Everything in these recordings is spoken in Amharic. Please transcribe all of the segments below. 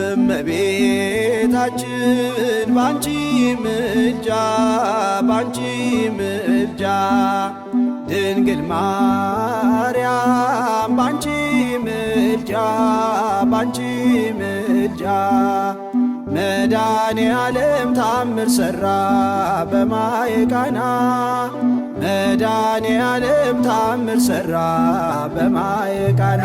እመቤታችን ባንቺ ምልጃ ባንቺ ምልጃ ድንግል ማርያም ባንቺ ምልጃ ባንቺ ምልጃ መዳኔ ዓለም ታምር ሠራ በማይ ቃና መዳኔ ዓለም ታምር ሠራ በማየ ቃና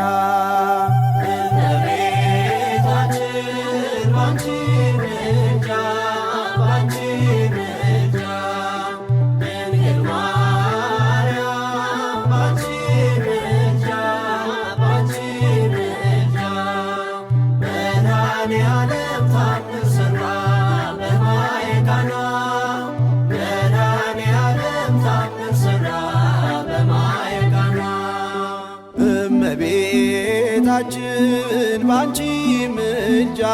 ምልጃ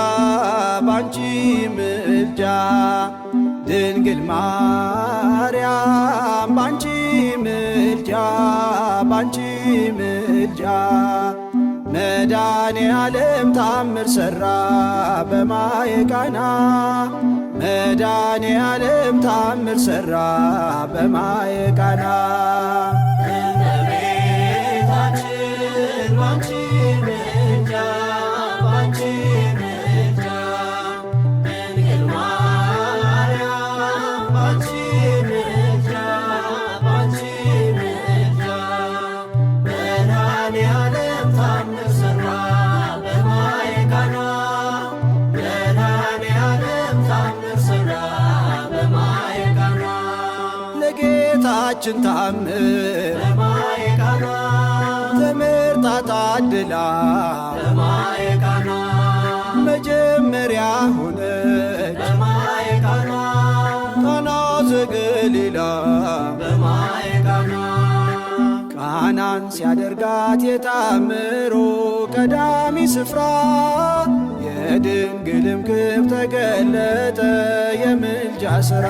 ባንቺ ምልጃ ድንግል ማርያም ባንቺ ምልጃ ባንቺ ምልጃ መዳኔ ዓለም ታምር ሠራ በማየ ቃና መዳኔ ዓለም ታምር ሠራ በማየ ቃና ታምር ሰራ በማየ ቀራ ለጌታችን ታምር በማየ ቀራ ተመርጣ ታድላ በማየ ቀራ መጀመሪያ ሆነች በማየ ቀራ ቃና ዘገሊላ በማየ ቃናን ሲያደርጋት የታምሮ ቀዳሚ ስፍራ ለድንግልም ክብ ተገለጠ የምልጃ ሥራ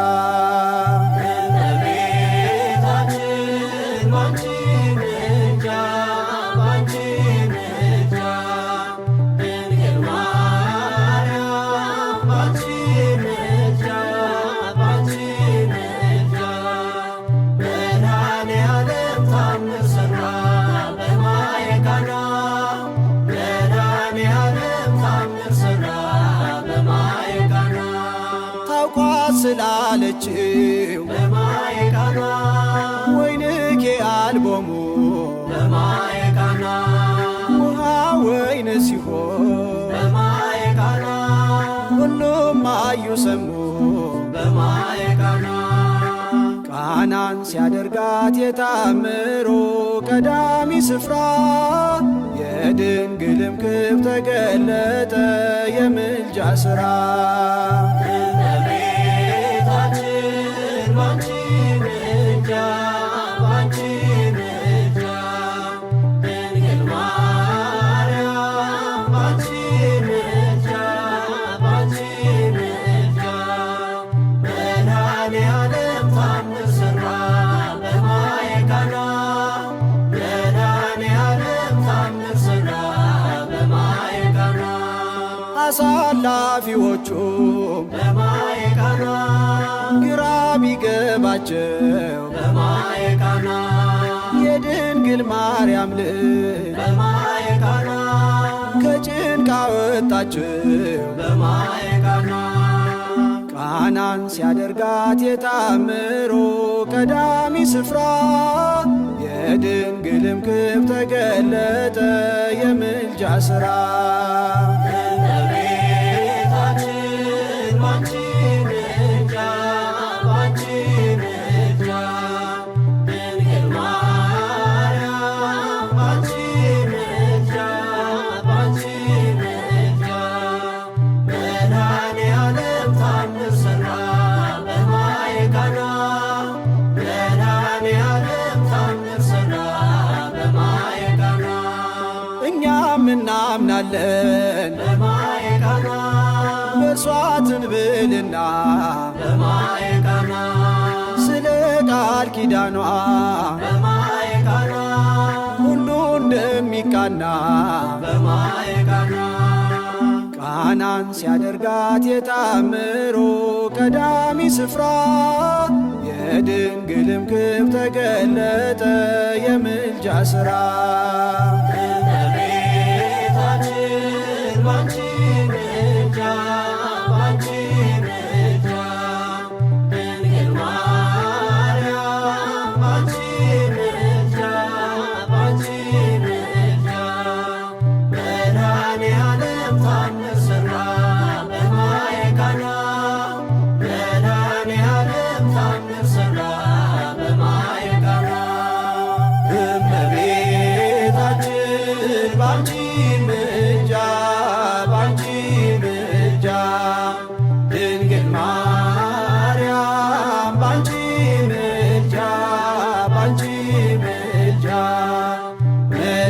እመቤታችን ስላለችው ለማየ ቃና ወይንኬ አልቦሙ ለማየ ውሃ ወይን ሲሆን ለማየ ሁሉም አዩ ሰሙ ለማየ ቃናን ሲያደርጋት የታምሮ ቀዳሚ ስፍራ የድንግልም ክብ ተገለጠ የምልጃ ስራ አሳላፊዎቹ በማየ ቃና ግራ ቢገባቸው በማየ ቃና የድንግል ማርያም ልጅ በማየ ቃና በማየ ቃና ቃናን ሲያደርጋት የታምሮ ቀዳሚ ስፍራ የድንግልም ክብ ተገለጠ የምልጃ ሥራ የእርሷ ብልና ስለ ቃል ኪዳኗ ሁሉ እንደሚቃና ቃናን ሲያደርጋት የታምሮ ቀዳሚ ስፍራ የድንግልም ክብ ተገለጠ የምልጃ ሥራ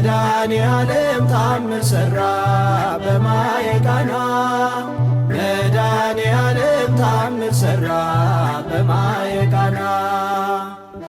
መድኃኒዓለም ተአምር ሠራ በማየ ቃና መድኃኒዓለም ተአምር ሠራ በማየ ቃና